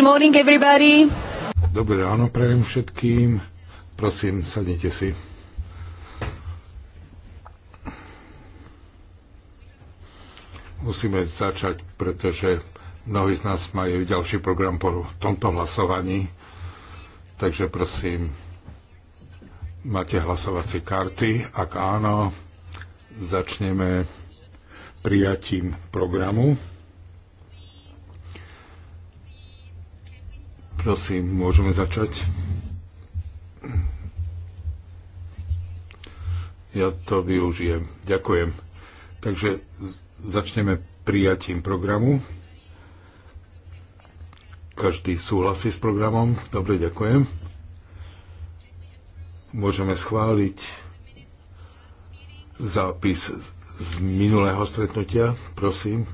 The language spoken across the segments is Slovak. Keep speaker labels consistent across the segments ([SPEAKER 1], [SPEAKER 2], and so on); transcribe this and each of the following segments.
[SPEAKER 1] Good morning, everybody.
[SPEAKER 2] Dobré ráno prajem všetkým. Prosím, sadnite si. Musíme začať, pretože mnohí z nás majú ďalší program po tomto hlasovaní. Takže prosím, máte hlasovacie karty? Ak áno, začneme prijatím programu. Prosím, môžeme začať. Ja to využijem. Ďakujem. Takže začneme prijatím programu. Každý súhlasí s programom. Dobre, ďakujem. Môžeme schváliť zápis z minulého stretnutia. Prosím.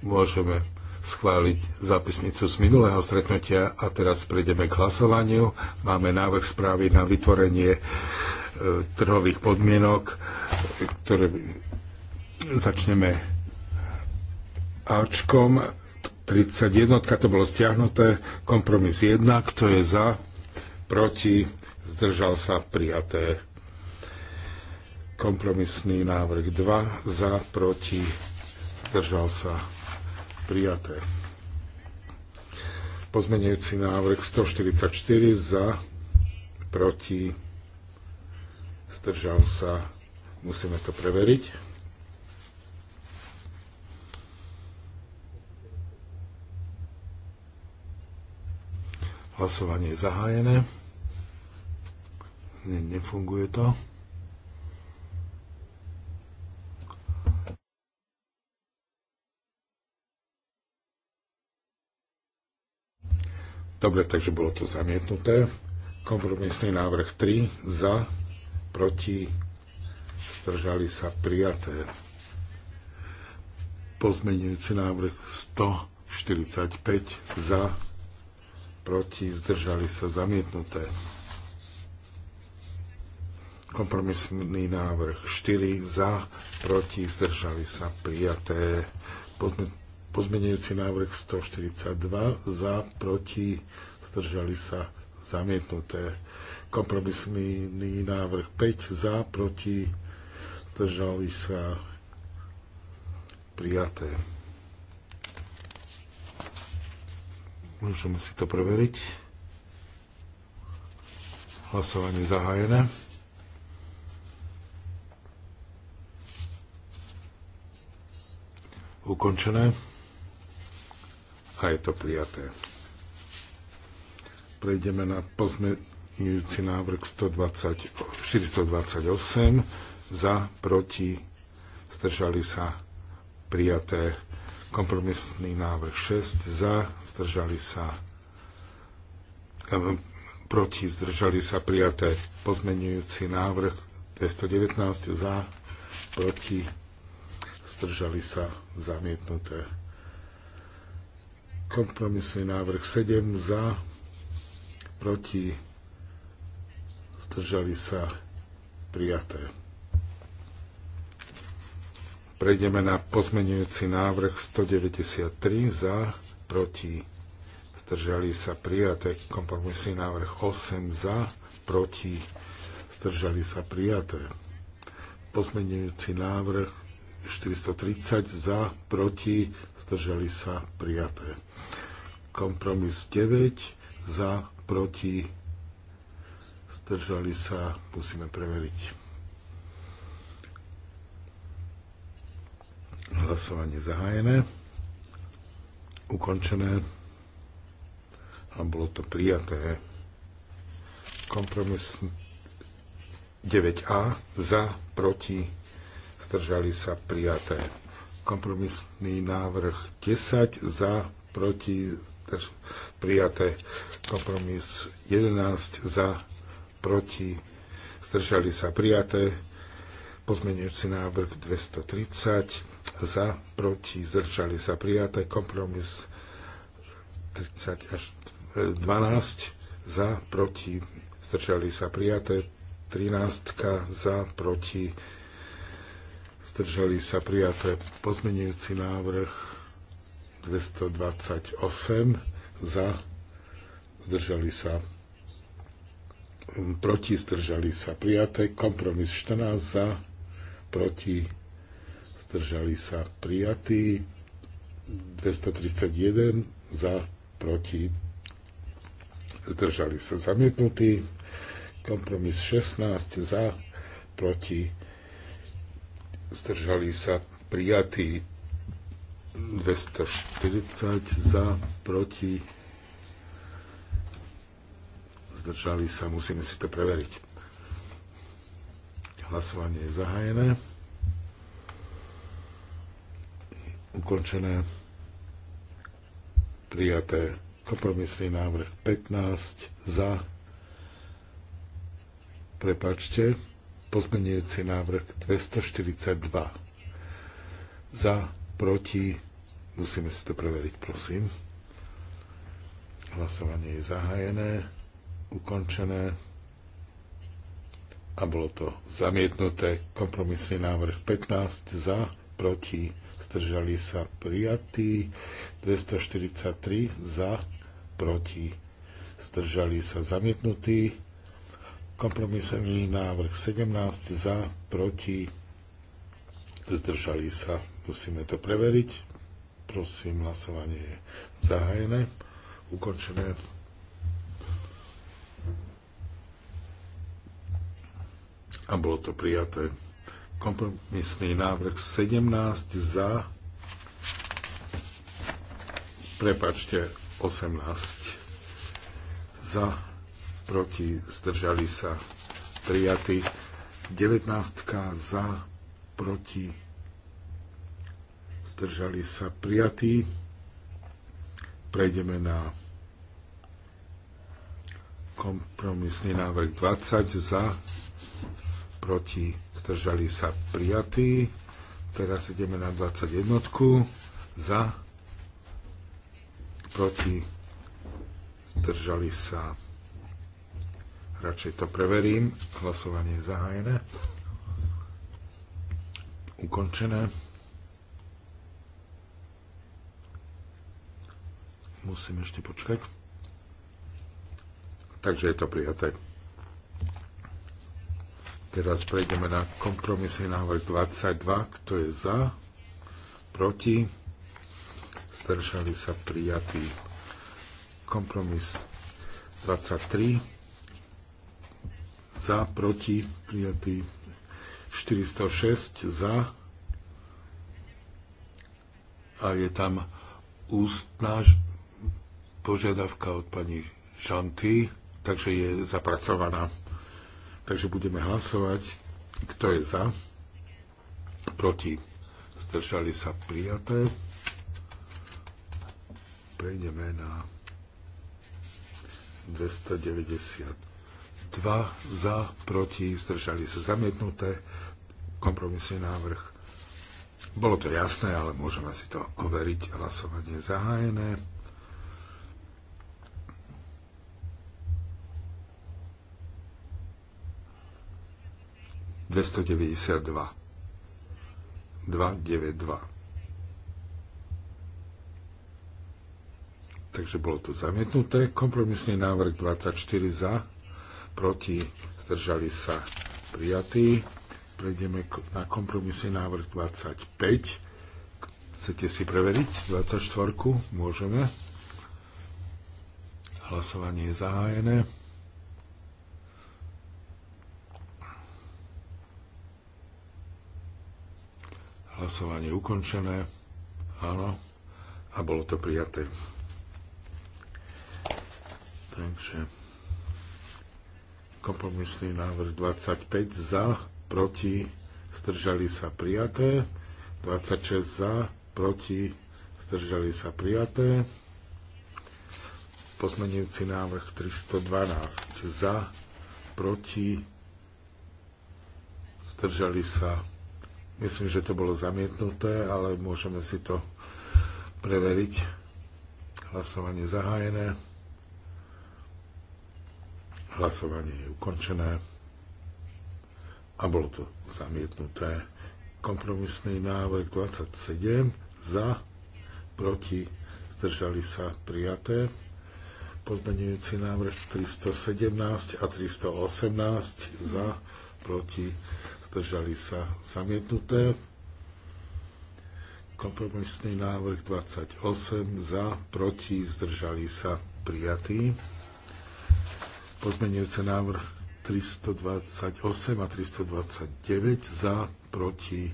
[SPEAKER 2] Môžeme schváliť zápisnicu z minulého stretnutia a teraz prejdeme k hlasovaniu. Máme návrh správy na vytvorenie e, trhových podmienok, ktoré začneme Ačkom. 31, to bolo stiahnuté, kompromis 1, kto je za, proti, zdržal sa, prijaté. Kompromisný návrh 2, za, proti, zdržal sa, prijaté. Pozmenujúci návrh 144 za, proti, zdržal sa, musíme to preveriť. Hlasovanie je zahájené. nefunguje to. Dobre, takže bolo to zamietnuté. Kompromisný návrh 3 za, proti, zdržali sa prijaté. Pozmenujúci návrh 145 za, proti, zdržali sa zamietnuté. Kompromisný návrh 4 za, proti, zdržali sa prijaté. Pozmenujúci Pozmenujúci návrh 142 za, proti, zdržali sa zamietnuté. Kompromisný návrh 5 za, proti, zdržali sa prijaté. Môžeme si to preveriť. Hlasovanie zahájené. Ukončené a je to prijaté. Prejdeme na pozmeňujúci návrh 120, 428 za, proti, zdržali sa prijaté. Kompromisný návrh 6 za, zdržali sa ehm, proti, zdržali sa prijaté. Pozmeňujúci návrh 219 za, proti, zdržali sa zamietnuté. Kompromisný návrh 7 za, proti, zdržali sa prijaté. Prejdeme na pozmenujúci návrh 193 za, proti, zdržali sa prijaté. Kompromisný návrh 8 za, proti, zdržali sa prijaté. Pozmenujúci návrh 430 za, proti, zdržali sa prijaté. Kompromis 9 za, proti, zdržali sa, musíme preveriť. Hlasovanie zahájené, ukončené a bolo to prijaté. Kompromis 9a za, proti, zdržali sa, prijaté kompromisný návrh 10 za, proti, prijaté. Kompromis 11 za, proti, zdržali sa prijaté. Pozmeňujúci návrh 230 za, proti, zdržali sa prijaté. Kompromis 30 až 12 e, za, proti, zdržali sa prijaté. 13 za, proti, zdržali sa prijaté. Pozmeňujúci návrh 228 za, zdržali sa, proti, zdržali sa prijaté, kompromis 14 za, proti, zdržali sa prijatí, 231 za, proti, zdržali sa zamietnutí, kompromis 16 za, proti, zdržali sa prijatí, 240 za, proti. Zdržali sa, musíme si to preveriť. Hlasovanie je zahájené. Ukončené. Prijaté kompromisný návrh 15 za. Prepačte, pozmenujúci návrh 242 za, proti Musíme si to preveriť, prosím. Hlasovanie je zahájené, ukončené a bolo to zamietnuté. Kompromisný návrh 15 za, proti, zdržali sa prijatí, 243 za, proti, zdržali sa zamietnutí. Kompromisný návrh 17 za, proti, zdržali sa. Musíme to preveriť. Prosím, hlasovanie je zahájené, ukončené. A bolo to prijaté. Kompromisný návrh 17 za, prepačte, 18 za, proti, zdržali sa prijatí, 19 za, proti, zdržali sa prijatí. Prejdeme na kompromisný návrh 20 za, proti, zdržali sa prijatí. Teraz ideme na 21 za, proti, zdržali sa. Radšej to preverím. Hlasovanie je zahájené. Ukončené. Musím ešte počkať. Takže je to prijaté. Teraz prejdeme na kompromisný návrh 22. Kto je za? Proti? Zdržali sa prijatý Kompromis 23. Za, proti, prijatý. 406 za. A je tam ústná požiadavka od pani Žanty, takže je zapracovaná. Takže budeme hlasovať, kto je za, proti, zdržali sa prijaté. Prejdeme na 292 za, proti, zdržali sa zamietnuté. Kompromisný návrh. Bolo to jasné, ale môžeme si to overiť. Hlasovanie zahájené. 292. 292. Takže bolo to zamietnuté. Kompromisný návrh 24 za, proti, zdržali sa prijatí. Prejdeme na kompromisný návrh 25. Chcete si preveriť 24? Môžeme. Hlasovanie je zahájené. Hlasovanie ukončené. Áno. A bolo to prijaté. Takže kompromisný návrh 25 za, proti, zdržali sa prijaté. 26 za, proti, zdržali sa prijaté. Pozmenujúci návrh 312 za, proti, zdržali sa prijaté Myslím, že to bolo zamietnuté, ale môžeme si to preveriť. Hlasovanie zahájené. Hlasovanie je ukončené. A bolo to zamietnuté. Kompromisný návrh 27 za, proti, zdržali sa prijaté. Pozmenujúci návrh 317 a 318 za, proti, zdržali sa zamietnuté. Kompromisný návrh 28 za, proti, zdržali sa prijatý. Pozmenujúce návrh 328 a 329 za, proti,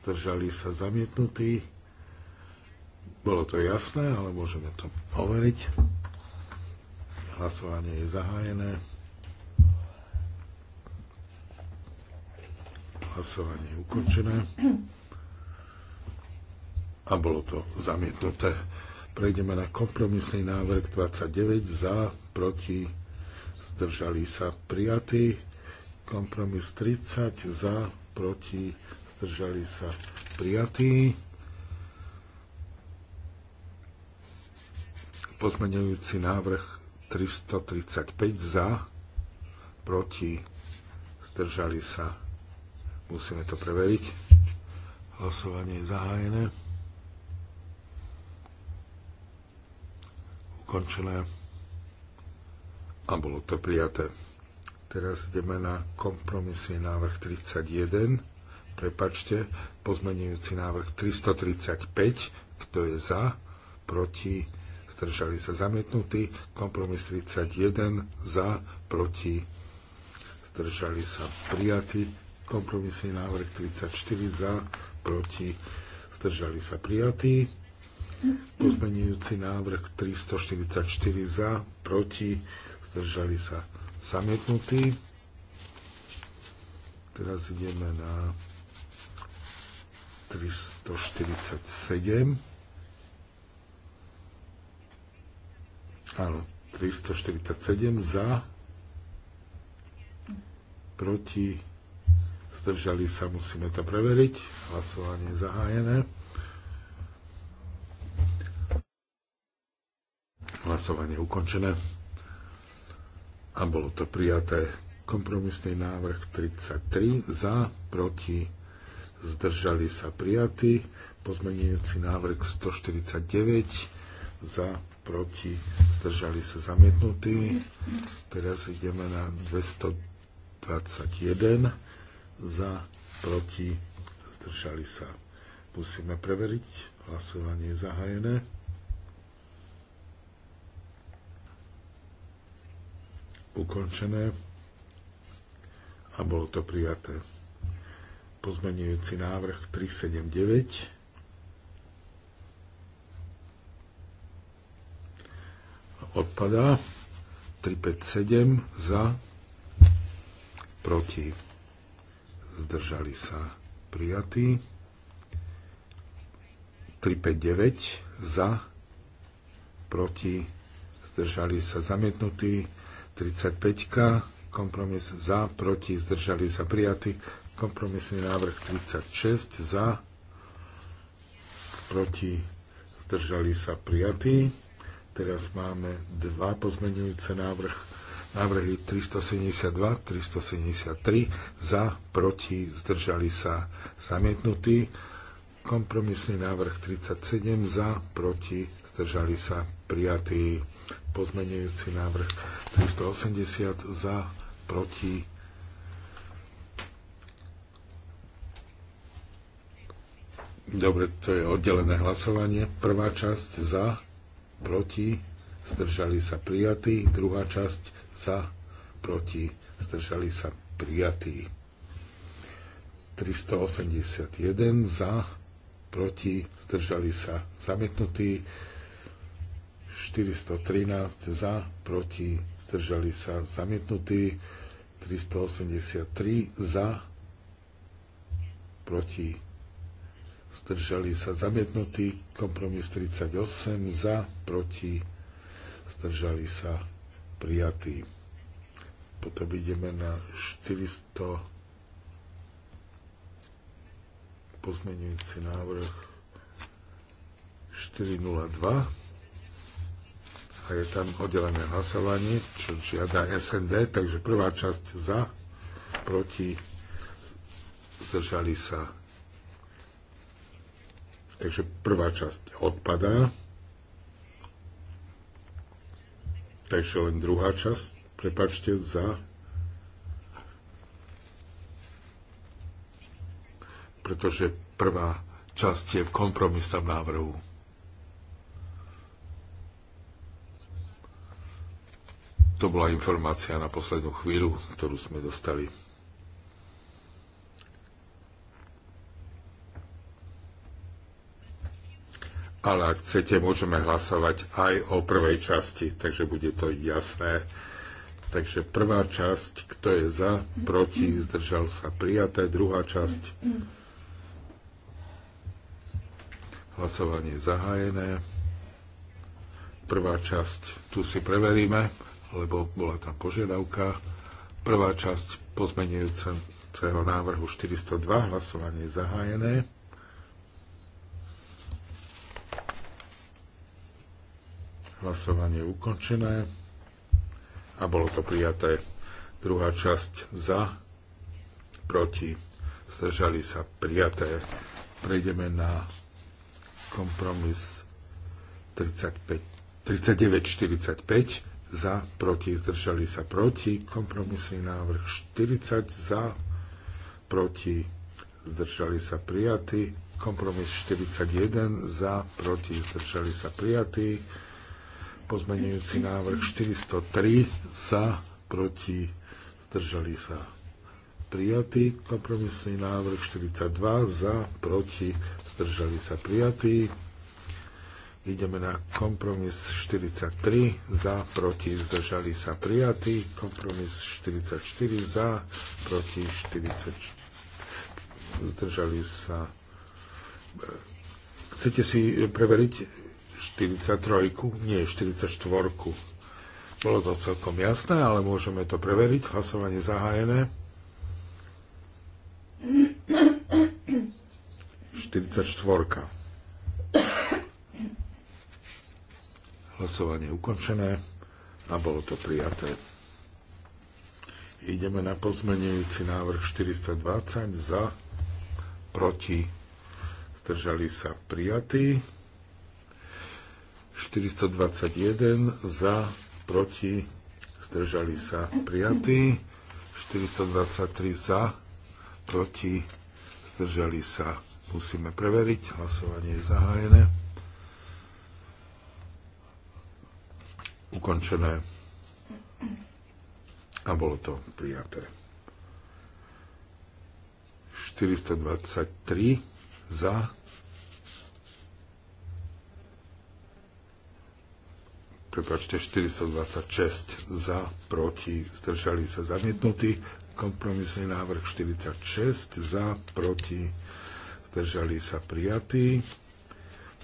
[SPEAKER 2] zdržali sa zamietnutí. Bolo to jasné, ale môžeme to overiť. Hlasovanie je zahájené. Hlasovanie je ukončené. A bolo to zamietnuté. Prejdeme na kompromisný návrh 29 za, proti, zdržali sa prijatí. Kompromis 30 za, proti, zdržali sa prijatí. Pozmeňujúci návrh 335 za, proti, zdržali sa Musíme to preveriť. Hlasovanie je zahájené. Ukončené. A bolo to prijaté. Teraz ideme na kompromisný návrh 31. Prepačte, pozmenujúci návrh 335. Kto je za? Proti? Zdržali sa zamietnutí. Kompromis 31. Za? Proti? Zdržali sa prijatí Kompromisný návrh 34 za, proti, zdržali sa prijatí. Pozmenujúci návrh 344 za, proti, zdržali sa zamietnutí. Teraz ideme na 347. Áno, 347 za, proti, zdržali sa, musíme to preveriť. Hlasovanie je zahájené. Hlasovanie je ukončené. A bolo to prijaté kompromisný návrh 33 za, proti, zdržali sa prijatí. Pozmenujúci návrh 149 za, proti, zdržali sa zamietnutí. Teraz ideme na 221 za, proti, zdržali sa. Musíme preveriť, hlasovanie je zahajené. Ukončené a bolo to prijaté. Pozmenujúci návrh 379 odpadá 357 za proti zdržali sa prijatí. 359 za, proti, zdržali sa zamietnutí. 35 kompromis za, proti, zdržali sa prijatí. Kompromisný návrh 36 za, proti, zdržali sa prijatí. Teraz máme dva pozmenujúce návrh Návrhy 372, 373 za, proti, zdržali sa zamietnutí. Kompromisný návrh 37 za, proti, zdržali sa prijatí. Pozmenujúci návrh 380 za, proti, Dobre, to je oddelené hlasovanie. Prvá časť za, proti, zdržali sa prijatí. Druhá časť za, proti, zdržali sa prijatí. 381 za, proti, zdržali sa zamietnutí. 413 za, proti, zdržali sa zamietnutí. 383 za, proti, zdržali sa zamietnutí. Kompromis 38 za, proti, zdržali sa prijatý. Potom ideme na 400 pozmenujúci návrh 402 a je tam oddelené hlasovanie, čo žiada SND, takže prvá časť za, proti, zdržali sa. Takže prvá časť odpadá. Takže len druhá časť, prepačte, za. Pretože prvá časť je v kompromisnom návrhu. To bola informácia na poslednú chvíľu, ktorú sme dostali. ale ak chcete, môžeme hlasovať aj o prvej časti, takže bude to jasné. Takže prvá časť, kto je za, proti, zdržal sa prijaté. Druhá časť, hlasovanie zahájené. Prvá časť, tu si preveríme, lebo bola tam požiadavka. Prvá časť pozmenujúceho návrhu 402, hlasovanie zahájené. Hlasovanie ukončené a bolo to prijaté. Druhá časť za, proti, zdržali sa prijaté. Prejdeme na kompromis 39-45 za, proti, zdržali sa proti. Kompromisný návrh 40 za, proti, zdržali sa prijatí. Kompromis 41 za, proti, zdržali sa prijatí Pozmenujúci návrh 403 za, proti, zdržali sa prijatý. Kompromisný návrh 42 za, proti, zdržali sa prijatý. Ideme na kompromis 43 za, proti, zdržali sa prijatý. Kompromis 44 za, proti, 40, zdržali sa. Chcete si preveriť 43, nie 44. Bolo to celkom jasné, ale môžeme to preveriť. Hlasovanie zahájené.
[SPEAKER 1] 44.
[SPEAKER 2] Hlasovanie ukončené a bolo to prijaté. Ideme na pozmenujúci návrh 420 za, proti, zdržali sa prijatí. 421 za, proti, zdržali sa prijatí. 423 za, proti, zdržali sa. Musíme preveriť. Hlasovanie je zahájené. Ukončené. A bolo to prijaté. 423 za, prepačte, 426 za, proti, zdržali sa zamietnutí. Kompromisný návrh 46 za, proti, zdržali sa prijatí.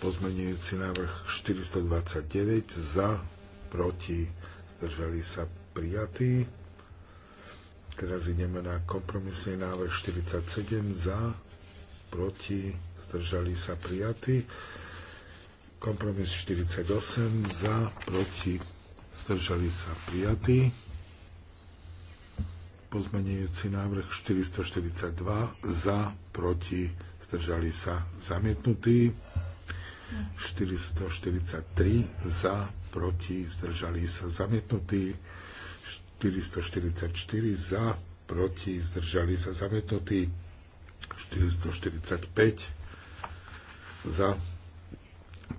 [SPEAKER 2] Pozmenujúci návrh 429 za, proti, zdržali sa prijatí. Teraz ideme na kompromisný návrh 47 za, proti, zdržali sa prijatí. Kompromis 48 za, proti, zdržali sa prijatí. Pozmenujúci návrh 442 za, proti, zdržali sa zamietnutí. 443 za, proti, zdržali sa zamietnutí. 444 za, proti, zdržali sa zamietnutí. 445 za,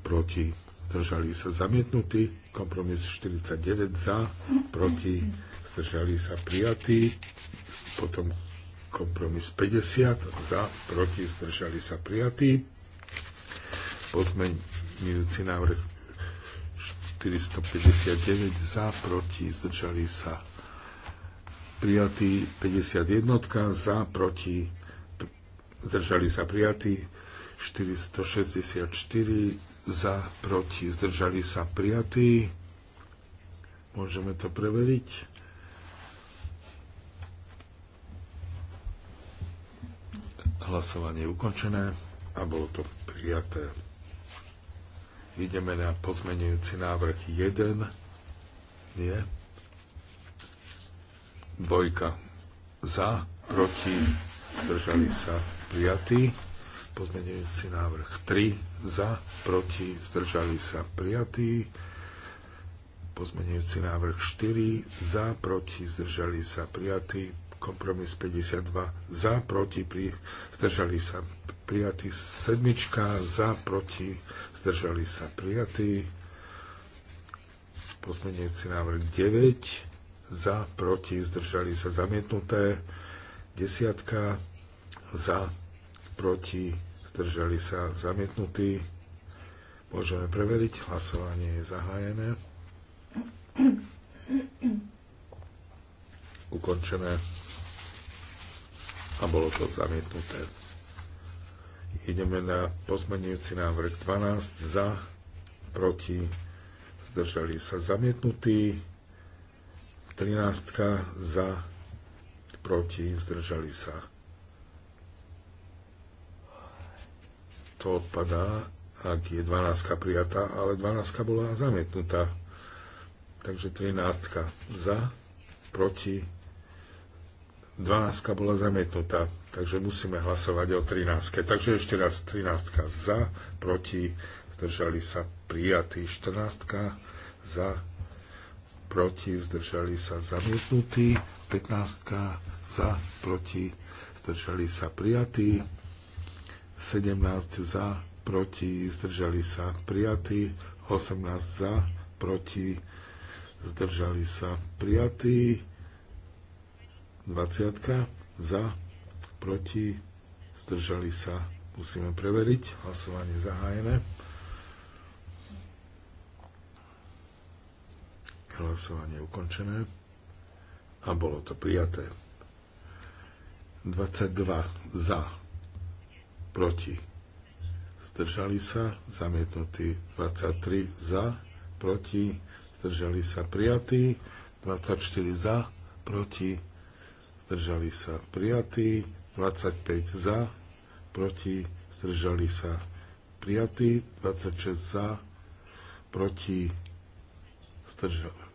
[SPEAKER 2] proti, zdržali sa zamietnutí, kompromis 49 za, proti, zdržali sa prijatí, potom kompromis 50 za, proti, zdržali sa prijatí, pozmeňujúci návrh 459 za, proti, zdržali sa prijatí, 51 za, proti, zdržali sa prijatí, 464 za, proti, zdržali sa prijatí. Môžeme to preveriť. Hlasovanie je ukončené a bolo to prijaté. Ideme na pozmenujúci návrh 1. Nie. Dvojka za, proti, zdržali sa prijatí pozmeňujúci návrh 3 za, proti, zdržali sa prijatí. Pozmenujúci návrh 4 za, proti, zdržali sa prijatí. Kompromis 52 za, proti, pri, zdržali sa prijatí. Sedmička za, proti, zdržali sa prijatí. Pozmeňujúci návrh 9 za, proti, zdržali sa zamietnuté. Desiatka za, proti, zdržali sa zamietnutí. Môžeme preveriť, hlasovanie je zahájené. Ukončené a bolo to zamietnuté. Ideme na pozmenujúci návrh 12 za, proti, zdržali sa zamietnutí, 13 za, proti, zdržali sa to odpadá, ak je 12 prijatá, ale 12 bola zamietnutá. Takže 13 za, proti, 12 bola zamietnutá. Takže musíme hlasovať o 13. Takže ešte raz 13 za, proti, zdržali sa prijatí 14 za, proti, zdržali sa zamietnutí 15 za, proti, zdržali sa prijatí 17 za, proti, zdržali sa prijatí, 18 za, proti, zdržali sa prijatí, 20 za, proti, zdržali sa, musíme preveriť, hlasovanie zahájené. Hlasovanie ukončené a bolo to prijaté. 22 za, proti. Zdržali sa, zamietnutí 23 za, proti, zdržali sa prijatí, 24 za, proti, zdržali sa prijatí, 25 za, proti, zdržali sa prijatí, 26 za, proti, zdržali,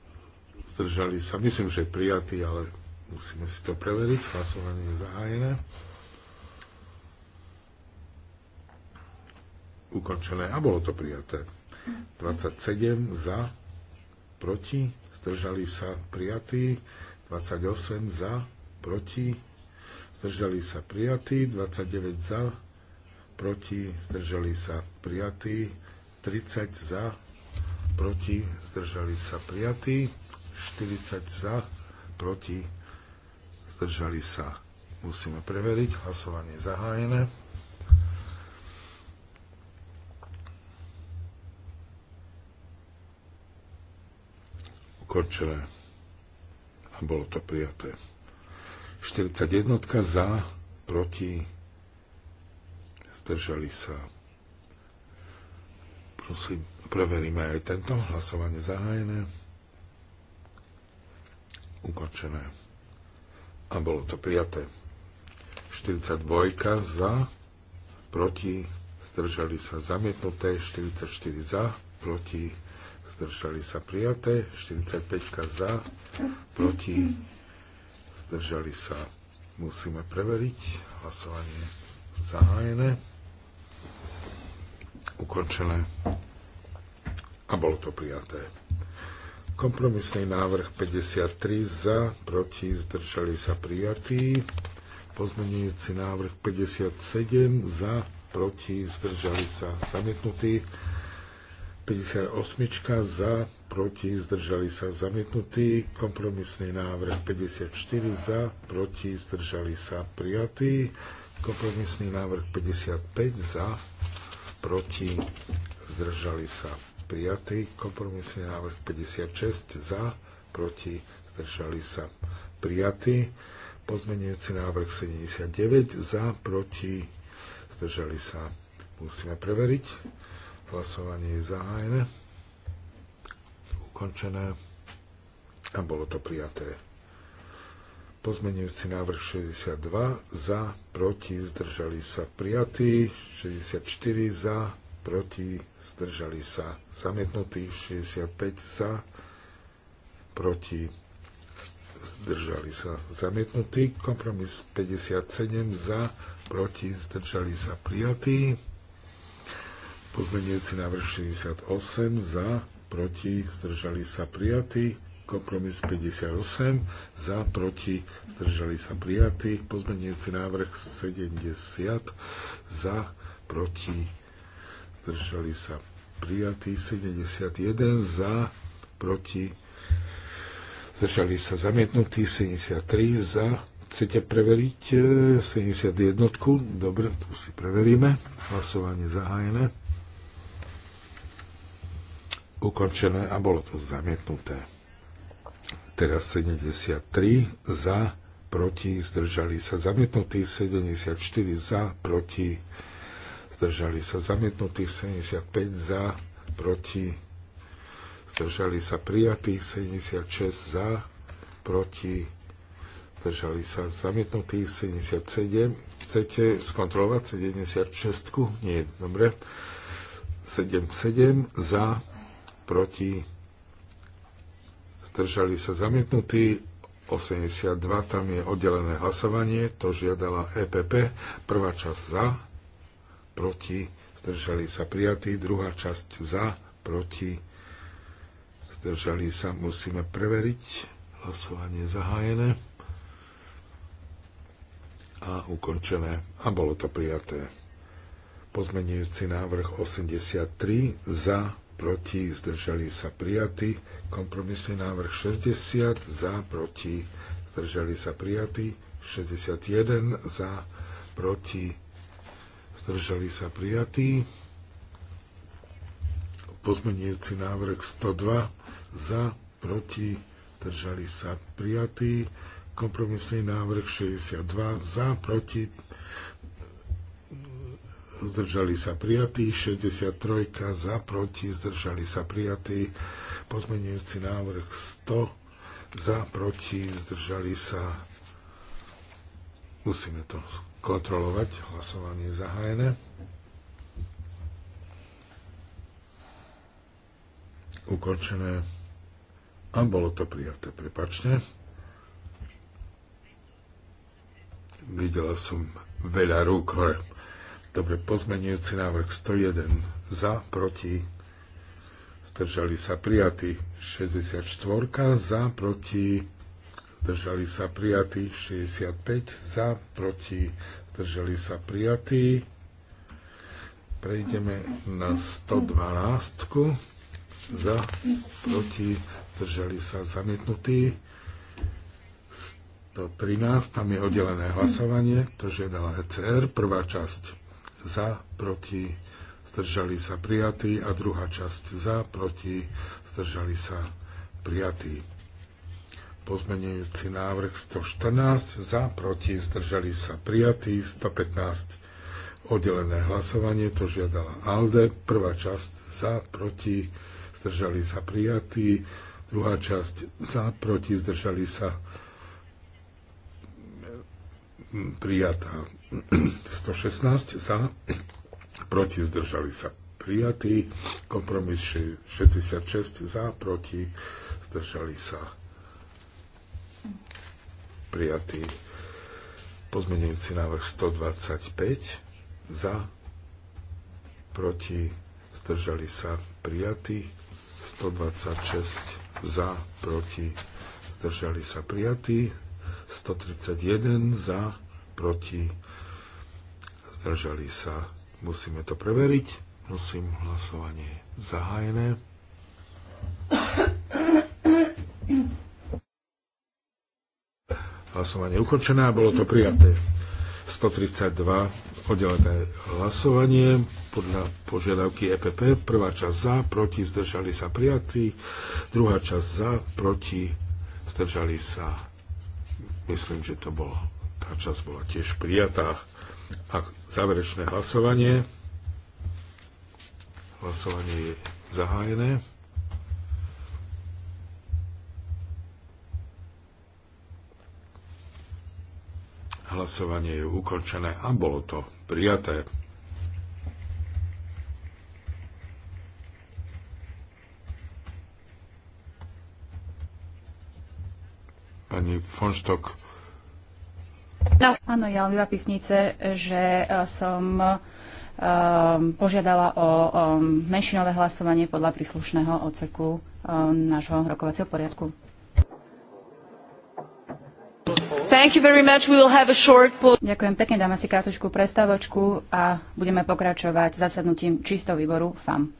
[SPEAKER 2] zdržali sa, myslím, že prijatí, ale musíme si to preveriť, hlasovanie je zahájené. ukončené a bolo to prijaté. 27 za, proti, zdržali sa prijatí, 28 za, proti, zdržali sa prijatí, 29 za, proti, zdržali sa prijatí, 30 za, proti, zdržali sa prijatí, 40 za, proti, zdržali sa. Musíme preveriť, hlasovanie zahájené. ukončené. A bolo to prijaté. 41 za, proti, zdržali sa. Prosím, preveríme aj tento hlasovanie zahájené. Ukončené. A bolo to prijaté. 42 za, proti, zdržali sa zamietnuté, 44 za, proti, zdržali sa prijaté, 45 za, proti, zdržali sa, musíme preveriť, hlasovanie zahájené, ukončené a bolo to prijaté. Kompromisný návrh 53 za, proti, zdržali sa prijatí. Pozmenujúci návrh 57 za, proti, zdržali sa zamietnutí. 58 za, proti, zdržali sa zamietnutí. Kompromisný návrh 54 za, proti, zdržali sa prijatí. Kompromisný návrh 55 za, proti, zdržali sa prijatý, Kompromisný návrh 56 za, proti, zdržali sa prijatí. Pozmenujúci návrh 79 za, proti, zdržali sa. Musíme preveriť. Hlasovanie je zahájené. Ukončené. A bolo to prijaté. Pozmenujúci návrh 62 za, proti, zdržali sa prijatí. 64 za, proti, zdržali sa zamietnutí. 65 za, proti, zdržali sa zamietnutí. Kompromis 57 za, proti, zdržali sa prijatí. Pozmenujúci návrh 68 za, proti, zdržali sa prijatí. Kompromis 58 za, proti, zdržali sa prijatí. Pozmenujúci návrh 70 za, proti, zdržali sa prijatí. 71 za, proti, zdržali sa zamietnutí. 73 za, chcete preveriť 71. Eh, Dobre, tu si preveríme. Hlasovanie zahájené ukončené a bolo to zamietnuté. Teraz 73 za, proti, zdržali sa zamietnutí, 74 za, proti, zdržali sa zamietnutí, 75 za, proti, zdržali sa prijatí, 76 za, proti, zdržali sa zamietnutí, 77. Chcete skontrolovať 76? Nie, dobre. 77 za, proti, zdržali sa zamietnutí, 82, tam je oddelené hlasovanie, to žiadala EPP, prvá časť za, proti, zdržali sa prijatí, druhá časť za, proti, zdržali sa, musíme preveriť, hlasovanie zahájené a ukončené a bolo to prijaté. Pozmenujúci návrh 83 za, proti, zdržali sa prijatí. Kompromisný návrh 60 za, proti, zdržali sa prijatí. 61 za, proti, zdržali sa prijatí. Pozmenujúci návrh 102 za, proti, zdržali sa prijatí. Kompromisný návrh 62 za, proti, zdržali sa prijatí, 63 za, proti, zdržali sa prijatí, pozmenujúci návrh 100 za, proti, zdržali sa, musíme to kontrolovať, hlasovanie je zahájené. Ukončené a bolo to prijaté, prepačte. Videla som veľa rúk hore. Dobre, pozmenujúci návrh 101 za, proti, zdržali sa prijatí 64 za, proti, zdržali sa prijatí 65 za, proti, zdržali sa prijatí. Prejdeme na 112 za, proti, zdržali sa zamietnutí. 113, tam je oddelené hlasovanie, to žiadala ECR, prvá časť za, proti, zdržali sa prijatí a druhá časť za, proti, zdržali sa prijatí. Pozmenujúci návrh 114 za, proti, zdržali sa prijatí, 115 oddelené hlasovanie, to žiadala ALDE, prvá časť za, proti, zdržali sa prijatí, druhá časť za, proti, zdržali sa prijatá 116 za, proti zdržali sa prijatí, kompromis 66 za, proti zdržali sa prijatí, pozmenujúci návrh 125 za, proti zdržali sa prijatí, 126 za, proti zdržali sa prijatí, 131 za, proti zdržali sa. Musíme to preveriť. Musím hlasovanie zahájené. Hlasovanie ukončené a bolo to prijaté. 132 oddelené hlasovanie podľa požiadavky EPP. Prvá časť za, proti, zdržali sa prijatí. Druhá časť za, proti, zdržali sa. Myslím, že to bolo. Tá časť bola tiež prijatá a záverečné hlasovanie. Hlasovanie je zahájené. Hlasovanie je ukončené a bolo to prijaté. Pani Fonštok,
[SPEAKER 1] Áno, ja len zapisnice, že e, som e, požiadala o menšinové hlasovanie podľa príslušného odseku e, nášho rokovacieho poriadku. Short... Ďakujem pekne, dáme si krátku prestávočku a budeme pokračovať zasadnutím čisto výboru FAM.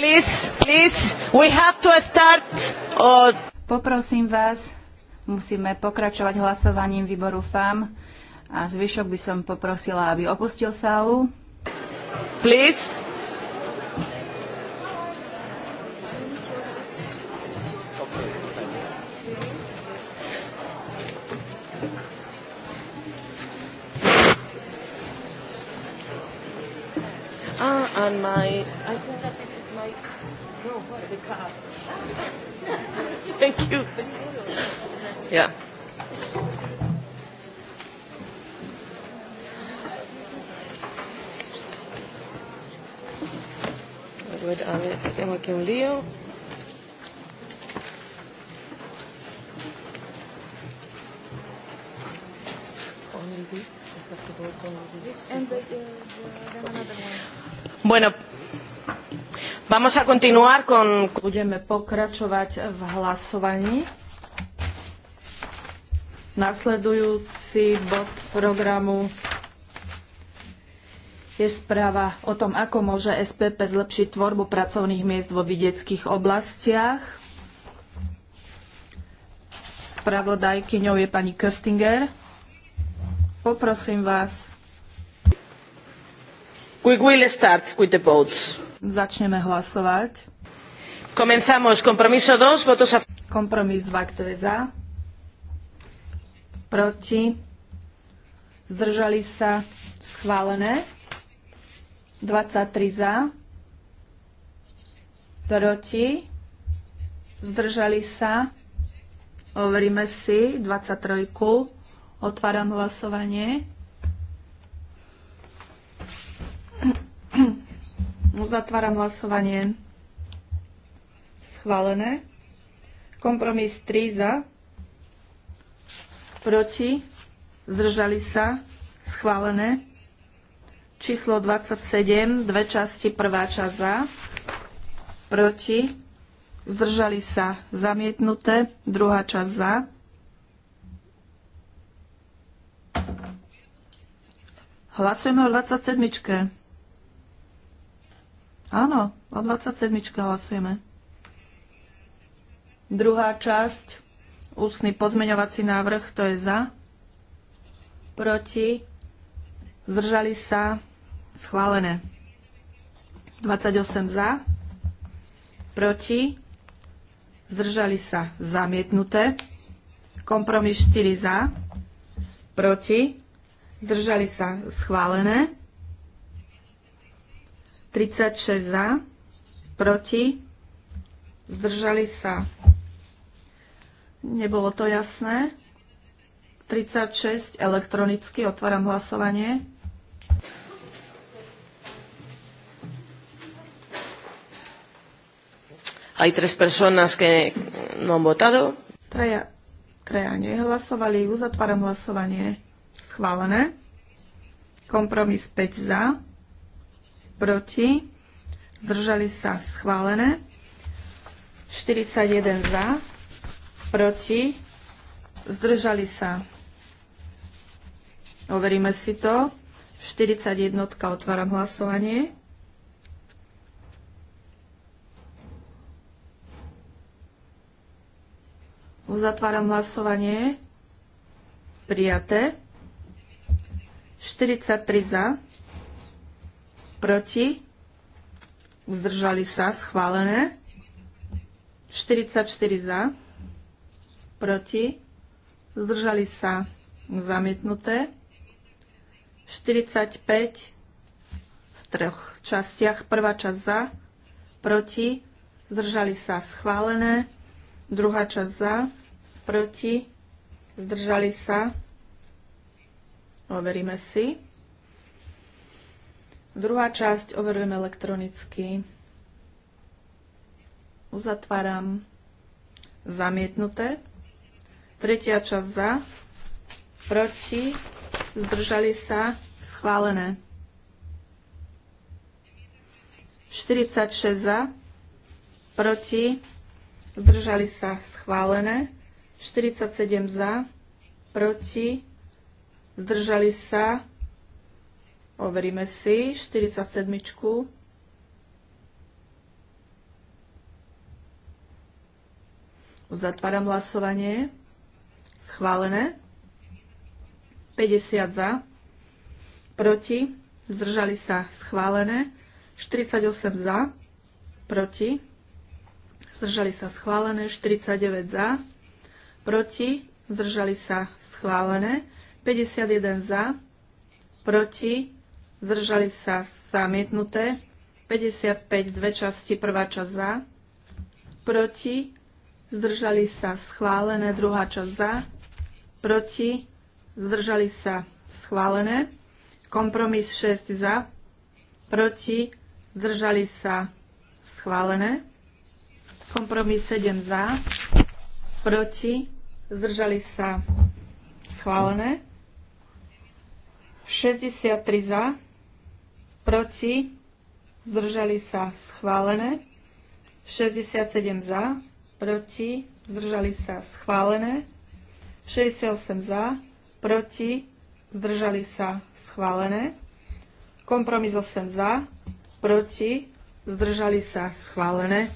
[SPEAKER 1] Please, please, we have to start. Poprosím vás, musíme pokračovať hlasovaním výboru FAM a zvyšok by som poprosila, aby opustil sálu. Please. Ah, my... I think that
[SPEAKER 2] like, no, the car. Thank you.
[SPEAKER 1] Yeah. Gut, aber ich denke, wir können Leo. Bueno, Vamos a continuar con... Budeme pokračovať v hlasovaní. Nasledujúci bod programu je správa o tom, ako môže SPP zlepšiť tvorbu pracovných miest vo vidieckých oblastiach. Spravodajkyňou je pani Köstinger. Poprosím vás will start with the votes. Začneme hlasovať. Comenzamos. Compromiso 2, votos a... Kompromis 2, kto je za? Proti? Zdržali sa? Schválené. 23 za. Proti? Zdržali sa? Overíme si 23. Otváram hlasovanie. Uzatváram hlasovanie. Schválené. Kompromis 3 za. Proti. Zdržali sa. Schválené. Číslo 27. Dve časti. Prvá časť za. Proti. Zdržali sa. Zamietnuté. Druhá časť za. Hlasujeme o 27. Áno, o 27. hlasujeme. Druhá časť, ústny pozmeňovací návrh, to je za, proti, zdržali sa, schválené. 28 za, proti, zdržali sa, zamietnuté. Kompromis 4 za, proti, zdržali sa, schválené. 36 za, proti, zdržali sa. Nebolo to jasné. 36 elektronicky, otváram hlasovanie. Hay tres personas que no han votado. Traja, traja nehlasovali, uzatváram hlasovanie. Schválené. Kompromis 5 za proti, zdržali sa schválené, 41 za, proti, zdržali sa. Overíme si to. 41. Otváram hlasovanie. Uzatváram hlasovanie. Prijaté. 43 za proti, zdržali sa, schválené. 44 za, proti, zdržali sa, zamietnuté. 45 v troch častiach. Prvá časť za, proti, zdržali sa, schválené. Druhá časť za, proti, zdržali sa, overíme si. Druhá časť overujem elektronicky. Uzatváram zamietnuté. Tretia časť za, proti, zdržali sa, schválené. 46 za, proti, zdržali sa, schválené. 47 za, proti, zdržali sa, Overíme si 47. Uzatváram hlasovanie. Schválené. 50 za. Proti. Zdržali sa. Schválené. 48 za. Proti. Zdržali sa. Schválené. 49 za. Proti. Zdržali sa. Schválené. 51 za. Proti zdržali sa zamietnuté. 55, dve časti, prvá časť za, proti, zdržali sa schválené, druhá časť za, proti, zdržali sa schválené. Kompromis 6 za, proti, zdržali sa schválené. Kompromis 7 za, proti, zdržali sa schválené. 63 za, proti, zdržali sa schválené, 67 za, proti, zdržali sa schválené, 68 za, proti, zdržali sa schválené, kompromis 8 za, proti, zdržali sa schválené,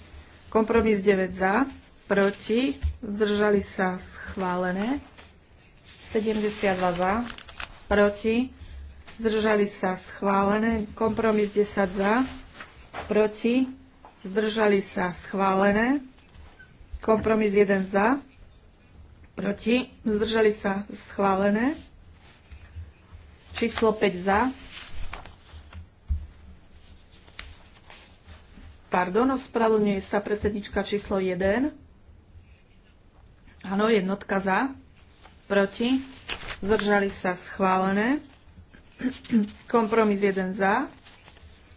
[SPEAKER 1] kompromis 9 za, proti, zdržali sa schválené, 72 za, proti, zdržali sa schválené, kompromis 10 za, proti, zdržali sa schválené, kompromis 1 za, proti, zdržali sa schválené, číslo 5 za, pardon, ospravedlňuje sa predsednička číslo 1, áno, jednotka za, proti, zdržali sa schválené, Kompromis 1 za,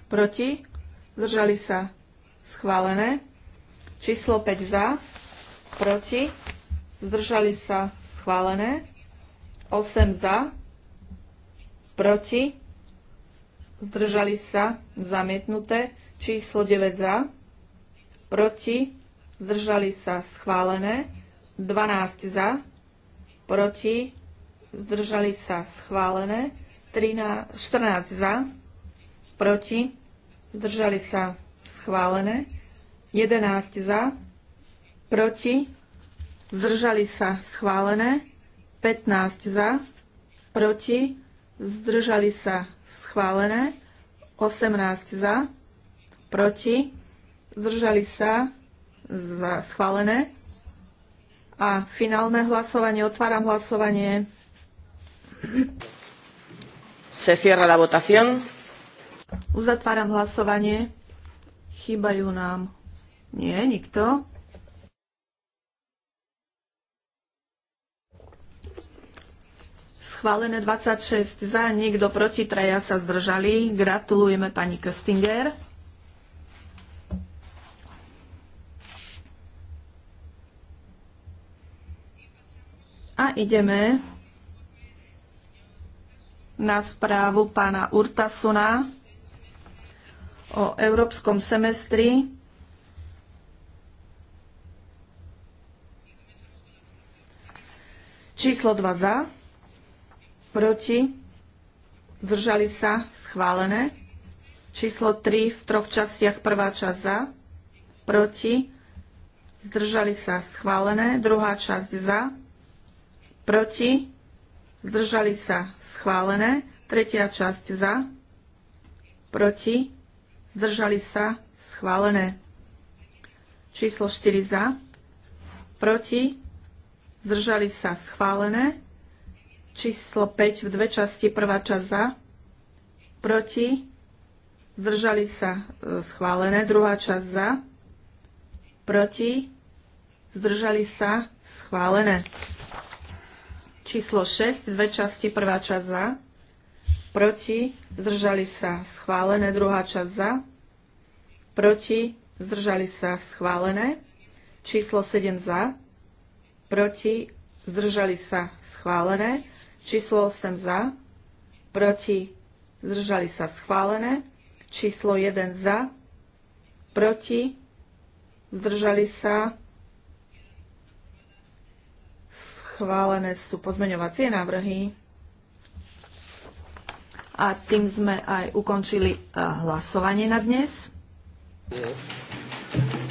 [SPEAKER 1] proti, zdržali sa schválené. Číslo 5 za, proti, zdržali sa schválené. 8 za, proti, zdržali sa zamietnuté. Číslo 9 za, proti, zdržali sa schválené. 12 za, proti, zdržali sa schválené. 13, 14 za, proti, zdržali sa schválené, 11 za, proti, zdržali sa schválené, 15 za, proti, zdržali sa schválené, 18 za, proti, zdržali sa za schválené. A finálne hlasovanie, otváram hlasovanie. Se cierra la votación. Uzatváram hlasovanie. Chýbajú nám. Nie, nikto. Schválené 26 za, nikto proti, traja sa zdržali. Gratulujeme pani Köstinger. A ideme na správu pána Urtasuna o európskom semestri. Číslo 2 za, proti, zdržali sa, schválené. Číslo 3 v troch častiach, prvá časť za, proti, zdržali sa, schválené. Druhá časť za, proti, zdržali sa schválené, tretia časť za, proti, zdržali sa schválené. Číslo 4 za, proti, zdržali sa schválené. Číslo 5 v dve časti, prvá časť za, proti, zdržali sa e, schválené, druhá časť za, proti, zdržali sa schválené. Číslo 6, dve časti, prvá časť za, proti, zdržali sa schválené, druhá časť za, proti, zdržali sa schválené, číslo 7 za, proti, zdržali sa schválené, číslo 8 za, proti, zdržali sa schválené, číslo 1 za, proti, zdržali sa schválené sú pozmeňovacie návrhy. A tým sme aj ukončili eh, hlasovanie na dnes.
[SPEAKER 2] Yeah.